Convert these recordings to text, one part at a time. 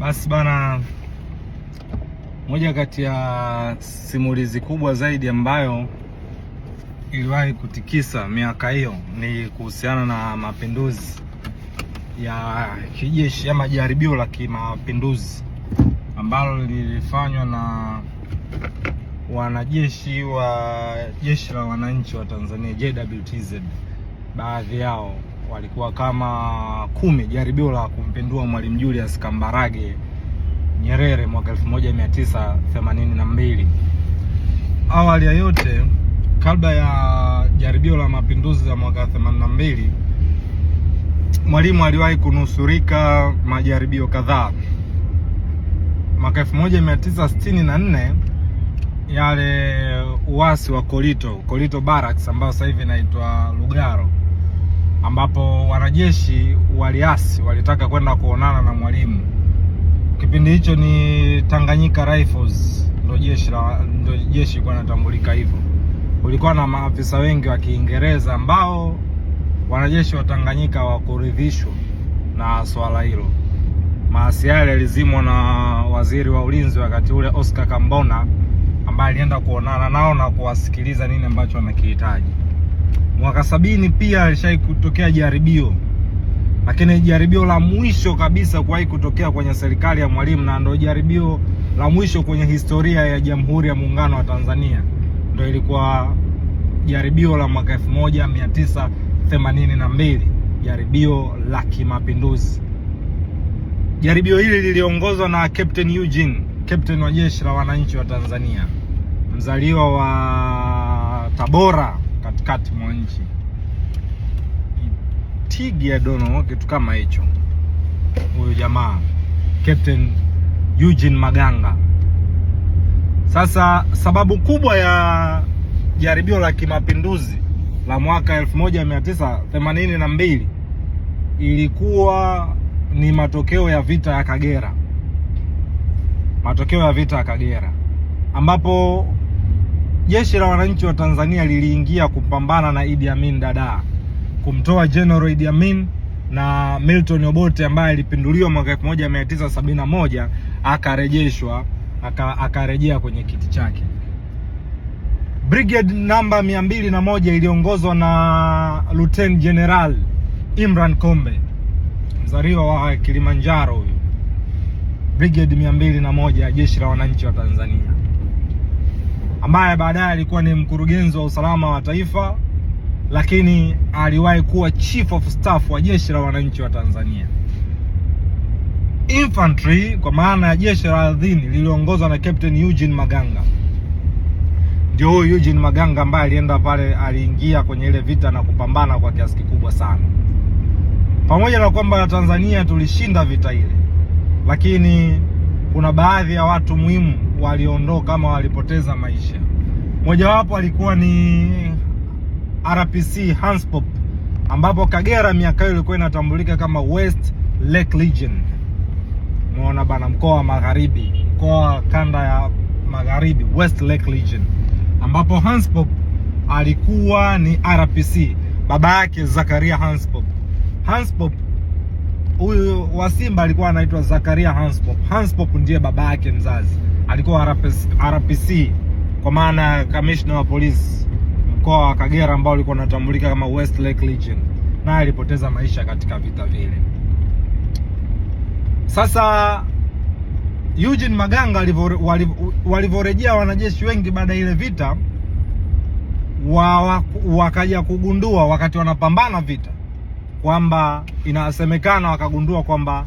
Basi bana, moja kati ya simulizi kubwa zaidi ambayo iliwahi kutikisa miaka hiyo ni kuhusiana na mapinduzi ya kijeshi ama jaribio la kimapinduzi ambalo lilifanywa na wanajeshi wa jeshi la wananchi wa Tanzania JWTZ, baadhi yao walikuwa kama kumi, jaribio la kumpindua Mwalimu Julius Kambarage Nyerere mwaka 1982. Awali ya yote, kabla ya jaribio la mapinduzi ya mwaka 82, Mwalimu aliwahi kunusurika majaribio kadhaa. Mwaka 1964 yale uasi wa Kolito, Kolito Barracks ambayo sasa hivi inaitwa Lugaro ambapo wanajeshi waliasi, walitaka kwenda kuonana na Mwalimu. Kipindi hicho ni Tanganyika Rifles ndio jeshi la ndio jeshi likuwa linatambulika hivyo. Kulikuwa na maafisa wengi wa Kiingereza ambao wanajeshi wa Tanganyika wakuridhishwa na swala hilo. Maasi yale yalizimwa na waziri wa ulinzi wakati ule Oscar Kambona, ambaye alienda kuonana nao na kuwasikiliza nini ambacho wanakihitaji mwaka sabini pia alishawahi kutokea jaribio, lakini jaribio la mwisho kabisa kuwahi kutokea kwenye serikali ya Mwalimu na ndio jaribio la mwisho kwenye historia ya Jamhuri ya Muungano wa Tanzania, ndio ilikuwa jaribio la mwaka elfu moja mia tisa themanini na mbili jaribio la kimapinduzi. Jaribio hili liliongozwa na Captain Eugene, captain wa jeshi la wananchi wa Tanzania, mzaliwa wa Tabora katikati mwa nchi Itigi dono kitu kama hicho. Huyo jamaa Captain Eugene Maganga. Sasa sababu kubwa ya jaribio la kimapinduzi la mwaka 1982 ilikuwa ni matokeo ya vita ya Kagera, matokeo ya vita ya Kagera ambapo jeshi la wananchi wa Tanzania liliingia kupambana na Idi Amin Dada, kumtoa General Idi Amin na Milton Obote ambaye alipinduliwa mwaka 1971 akarejeshwa akarejea kwenye kiti chake. Brigade namba mia na moja iliongozwa na Lieutenant General Imran Kombe, mzaliwa wa Kilimanjaro. Huyu brigade na moja jeshi la wananchi wa Tanzania ambaye baadaye alikuwa ni mkurugenzi wa usalama wa taifa, lakini aliwahi kuwa chief of staff wa jeshi la wananchi wa Tanzania. Infantry kwa maana ya jeshi la ardhini liliongozwa na Captain Eugene Maganga. Ndio huyu Eugene Maganga ambaye alienda pale, aliingia kwenye ile vita na kupambana kwa kiasi kikubwa sana. Pamoja na kwamba Tanzania tulishinda vita ile, lakini kuna baadhi ya watu muhimu waliondoka ama walipoteza maisha. Mojawapo alikuwa ni RPC Hanspop, ambapo Kagera miaka hiyo ilikuwa inatambulika kama West Lake Legion. Umeona bana, mkoa wa magharibi, mkoa kanda ya magharibi, West Lake Legion, ambapo Hanspop alikuwa ni RPC, baba yake Zakaria Hans Pop huyu wa Simba alikuwa anaitwa Zakaria Hanspop. Hanspop ndiye baba yake mzazi, alikuwa RPC, RPC kwa maana kamishna wa polisi mkoa wa Kagera ambao ulikuwa unatambulika kama Lake Legion, naye alipoteza maisha katika vita vile. Sasa Eugene Maganga walivyorejea wanajeshi wengi baada ya ile vita wa, wakaja kugundua wakati wanapambana vita kwamba inasemekana wakagundua kwamba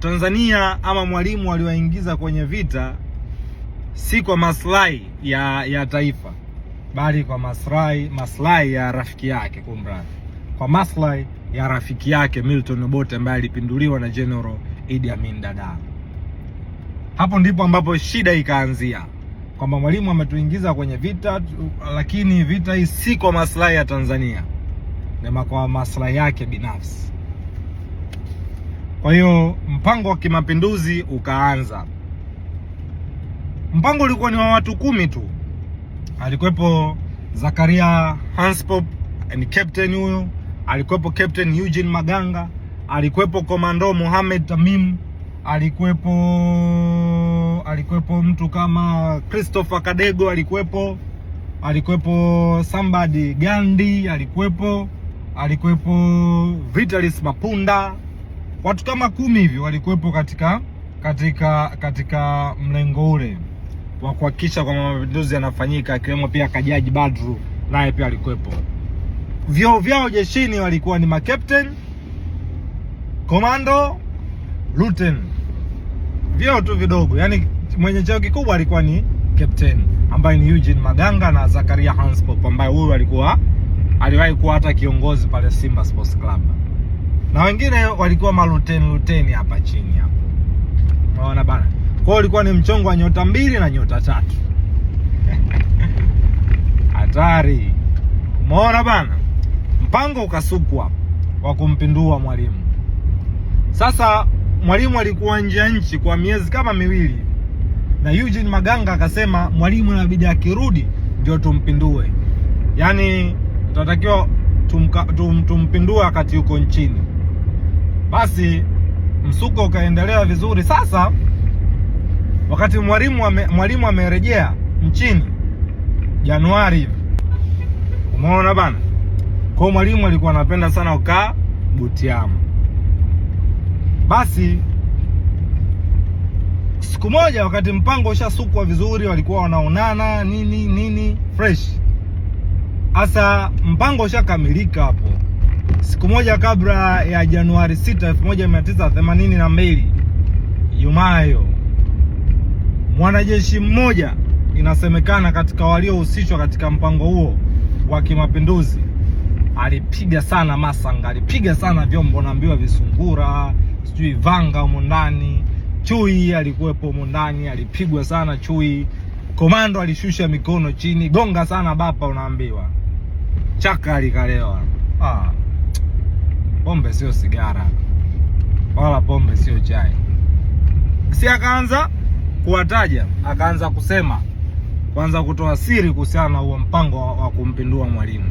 Tanzania ama Mwalimu aliwaingiza kwenye vita si kwa maslahi ya, ya taifa bali kwa maslahi maslahi ya rafiki yake, kumradhi, kwa maslahi ya rafiki yake Milton Obote ambaye alipinduliwa na General Idi Amin Dada. Hapo ndipo ambapo shida ikaanzia kwamba Mwalimu ametuingiza kwenye vita, lakini vita hii si kwa maslahi ya Tanzania na kwa maslahi yake binafsi. Kwa hiyo mpango wa kimapinduzi ukaanza. Mpango ulikuwa ni wa watu kumi tu, alikuwepo Zakaria Hanspop and captain huyo, alikuwepo Captain Eugene Maganga, alikuwepo komando Mohamed Tamim, alikuwepo alikuwepo mtu kama Christopher Kadego, alikuwepo alikuwepo somebody Gandhi, alikuwepo alikuwepo Vitalis Mapunda, watu kama kumi hivi walikuwepo katika, katika, katika mlengo ule wa kuhakikisha kwamba mapinduzi yanafanyika, akiwemo pia Kajaji Badru naye pia alikuwepo. vyoo vyao jeshini walikuwa ni makapten komando, luten, vyeo tu vidogo. Yani mwenye cheo kikubwa alikuwa ni kapteni ambaye ni Eugene Maganga na Zakaria Hanspope ambaye huyu alikuwa aliwahi kuwa hata kiongozi pale Simba Sports Club, na wengine walikuwa maluteni luteni hapa chini hapo, unaona bana. Kwa hiyo ulikuwa ni mchongo wa nyota mbili na nyota tatu, hatari umeona bana. Mpango ukasukwa wa kumpindua Mwalimu. Sasa Mwalimu alikuwa nje ya nchi kwa miezi kama miwili, na Eugene Maganga akasema Mwalimu inabidi akirudi ndio tumpindue, yaani tunatakiwa tumpindua tumpindue wakati yuko nchini. Basi msuko ukaendelea vizuri. Sasa wakati mwalimu mwalimu amerejea nchini Januari hivi, umeona bana. Kwa mwalimu alikuwa anapenda sana ukaa Butiama. Basi siku moja, wakati mpango ushasukwa vizuri, walikuwa wanaonana nini nini fresh sasa mpango ushakamilika hapo siku moja kabla ya Januari 6, 1982 Yumayo, mwanajeshi mmoja inasemekana katika waliohusishwa katika mpango huo wa kimapinduzi alipiga sana masanga, alipiga sana vyombo, naambiwa visungura, sijui vanga humo ndani. Chui alikuwepo humo ndani, alipigwa sana chui. Komando alishusha mikono chini, gonga sana bapa, unaambiwa chaka alikalewa. Ah, pombe sio sigara wala pombe sio chai. Si akaanza kuwataja, akaanza kusema, kuanza kutoa siri kuhusiana na huo mpango wa, kumpindua Mwalimu.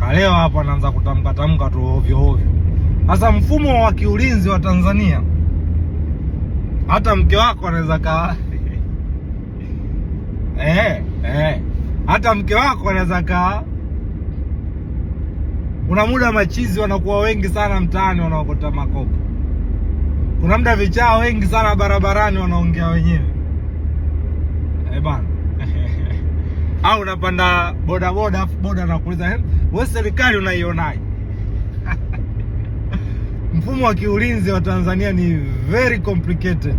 Kalewa Hapo anaanza kutamka tamka tu ovyo ovyo. Sasa mfumo wa kiulinzi wa Tanzania, hata mke wako anaweza ka eh, eh, hata mke wako anaweza ka kuna muda machizi wanakuwa wengi sana mtaani wanaokota makopo. Kuna muda vichaa wengi sana barabarani wanaongea wenyewe e bana au unapanda bodaboda afu boda anakuuliza we, serikali unaionaje? Mfumo wa kiulinzi wa Tanzania ni very complicated,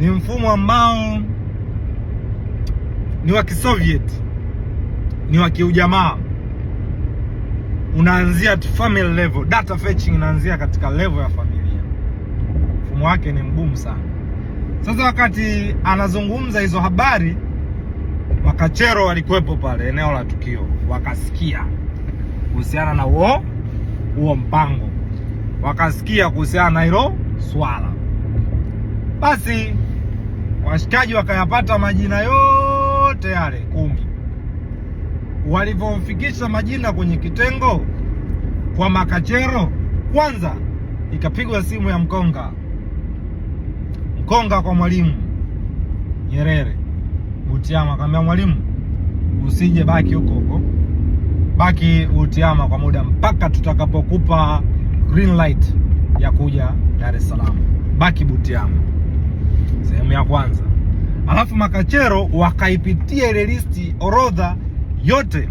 ni mfumo ambao ni wa kisovieti, ni wa kiujamaa unaanzia at family level. Data fetching inaanzia katika level ya familia. Mfumo wake ni mgumu sana. Sasa wakati anazungumza hizo habari, makachero walikuwepo pale eneo la tukio, wakasikia kuhusiana na huo huo mpango, wakasikia kuhusiana na hilo swala. Basi washikaji wakayapata majina yote yale kumi walivyomfikisha Majina kwenye kitengo kwa makachero, kwanza ikapigwa simu ya mkonga mkonga kwa Mwalimu Nyerere. Butiama akamwambia Mwalimu, usije baki huko huko, baki Butiama kwa muda mpaka tutakapokupa green light ya kuja Dar es Salaam, baki Butiama. Sehemu ya kwanza. Alafu makachero wakaipitia ile listi, orodha yote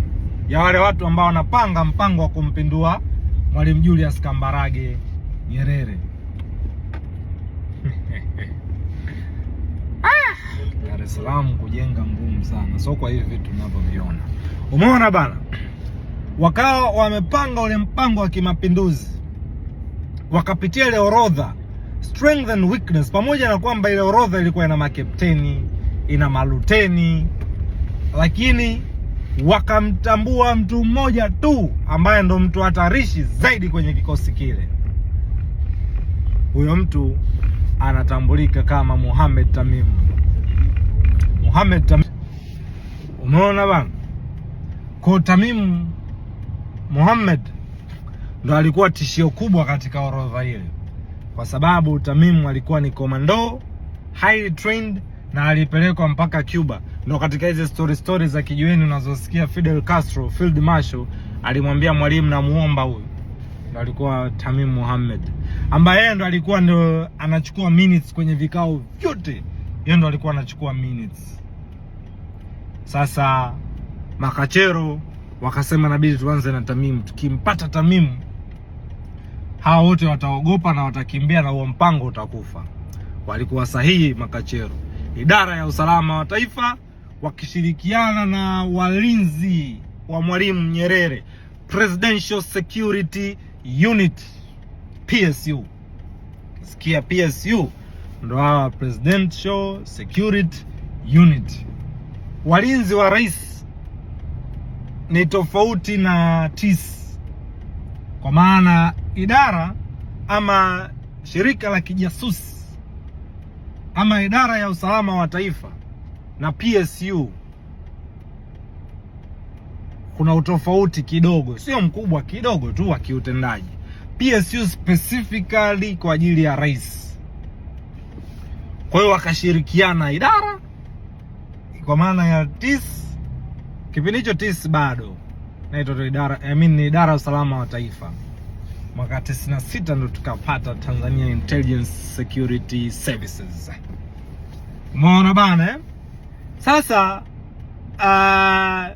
ya wale watu ambao wanapanga mpango wa kumpindua Mwalimu Julius Kambarage Nyerere. Ah! Dar es Salaam kujenga ngumu sana, so kwa hivi vitu tunavyoviona, umeona bana, wakawa wamepanga ule mpango wa kimapinduzi, wakapitia ile orodha strength and weakness, pamoja na kwamba ile orodha ilikuwa ina makepteni ina maluteni, lakini wakamtambua mtu mmoja tu ambaye ndo mtu hatarishi zaidi kwenye kikosi kile. Huyo mtu anatambulika kama muhamed Tamim. Mohamed Tamim, umeona bana? Kwa Tamim Mohamed ndo alikuwa tishio kubwa katika orodha ile, kwa sababu Tamim alikuwa ni komando highly trained na alipelekwa mpaka Cuba Ndo katika hizi story story za kijiweni unazosikia Fidel Castro Field Marshal alimwambia Mwalimu namuomba huyu, ndo alikuwa Tamim Mohamed ambaye yeye ndo alikuwa ndo anachukua minutes kwenye vikao vyote, yeye ndo alikuwa anachukua minutes. Sasa makachero wakasema nabidi tuanze na Tamimu, tukimpata Tamimu hawa wote wataogopa na watakimbia na huo mpango utakufa. Walikuwa sahihi makachero. Idara ya usalama wa taifa wakishirikiana na walinzi wa Mwalimu Nyerere Presidential Security Unit PSU. Sikia PSU ndo hawa Presidential Security Unit. Walinzi wa rais ni tofauti na TIS, kwa maana idara ama shirika la kijasusi ama idara ya usalama wa taifa na PSU kuna utofauti kidogo, sio mkubwa, kidogo tu wa kiutendaji. PSU specifically kwa ajili ya rais, kwa hiyo wakashirikiana idara, kwa maana ya TIS. Kipindi hicho TIS bado naitwa idara, I mean ni idara ya usalama wa taifa. Mwaka 96 ndo tukapata Tanzania Intelligence Security Services, umeona bana eh? Sasa uh,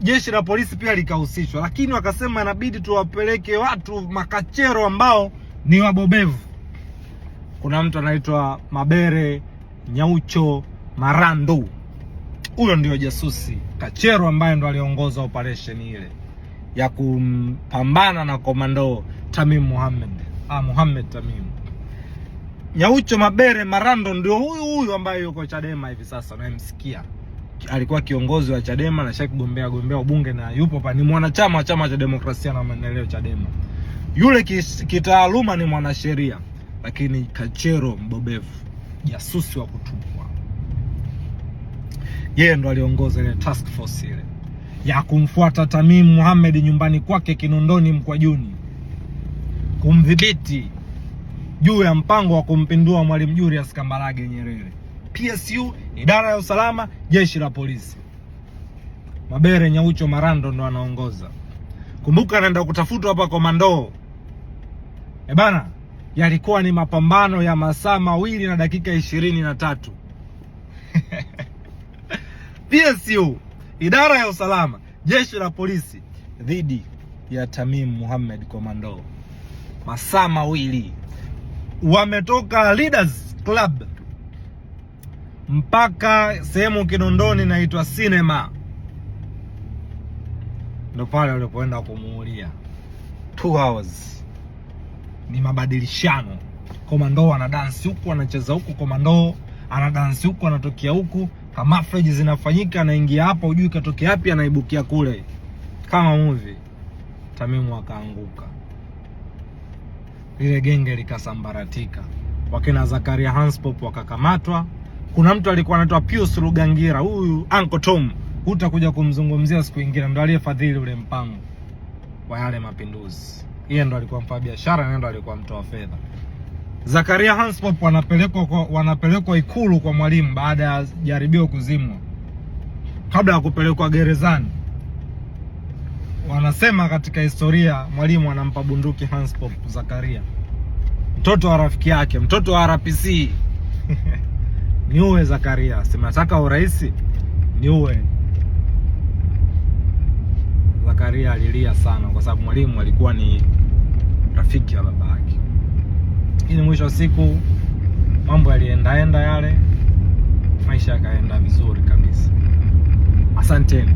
jeshi la polisi pia likahusishwa, lakini wakasema inabidi tuwapeleke watu makachero ambao ni wabobevu. Kuna mtu anaitwa Mabere Nyaucho Marandu, huyo ndio jasusi kachero ambaye ndo aliongoza operesheni ile ya kupambana na komando Tamim Muhammad, ah, Muhammad Tamim. Nyaucho Mabere Marando ndio huyu huyu ambaye yuko Chadema hivi sasa unayemsikia. Alikuwa kiongozi wa Chadema na shaki gombea ubunge na yupo pa ni mwanachama wa chama cha demokrasia na maendeleo Chadema. Yule kitaaluma ni mwanasheria lakini kachero mbobevu, jasusi wa kutupwa. Yeye ndo aliongoza ile task force ile ya kumfuata Tamim Mohamed nyumbani kwake Kinondoni Mkwajuni, kumdhibiti juu ya mpango wa kumpindua Mwalimu Julius Kambarage Nyerere. PSU, idara ya usalama, jeshi la polisi. Mabere Nyaucho Marando ndo anaongoza. Kumbuka anaenda kutafutwa hapa komando. Eh bana, yalikuwa ni mapambano ya masaa mawili na dakika ishirini na tatu. PSU, idara ya usalama, jeshi la polisi dhidi ya Tamim Muhammad Komando, masaa mawili wametoka Leaders Club mpaka sehemu Kinondoni inaitwa Sinema, ndo pale walipoenda kumuulia. Two hours ni mabadilishano, komando anadansi huku anacheza huku, komando anadansi huku anatokea huku, kamafreji zinafanyika, anaingia hapa, hujui katokea wapi, anaibukia kule, kama movie. Tamimu akaanguka lile genge likasambaratika, wakina Zakaria Hanspop wakakamatwa. Kuna mtu alikuwa anaitwa Pius Rugangira, huyu Uncle Tom hutakuja kumzungumzia siku ingine, ndo aliyefadhili ule mpango wa yale mapinduzi. Yeye ndo alikuwa biashara na ndo alikuwa mtoa fedha. Zakaria Hanspop wanapelekwa kwa, wanapelekwa Ikulu kwa Mwalimu baada ya jaribio kuzimwa, kabla ya kupelekwa gerezani wanasema katika historia mwalimu anampa bunduki Hans Pop Zakaria, mtoto wa rafiki yake, mtoto wa RPC niuwe Zakaria, simataka urais niuwe Zakaria. Alilia sana kwa sababu mwalimu alikuwa ni rafiki ya baba yake, lakini mwisho wa siku mambo yaliendaenda yale, maisha yakaenda vizuri kabisa. Asanteni.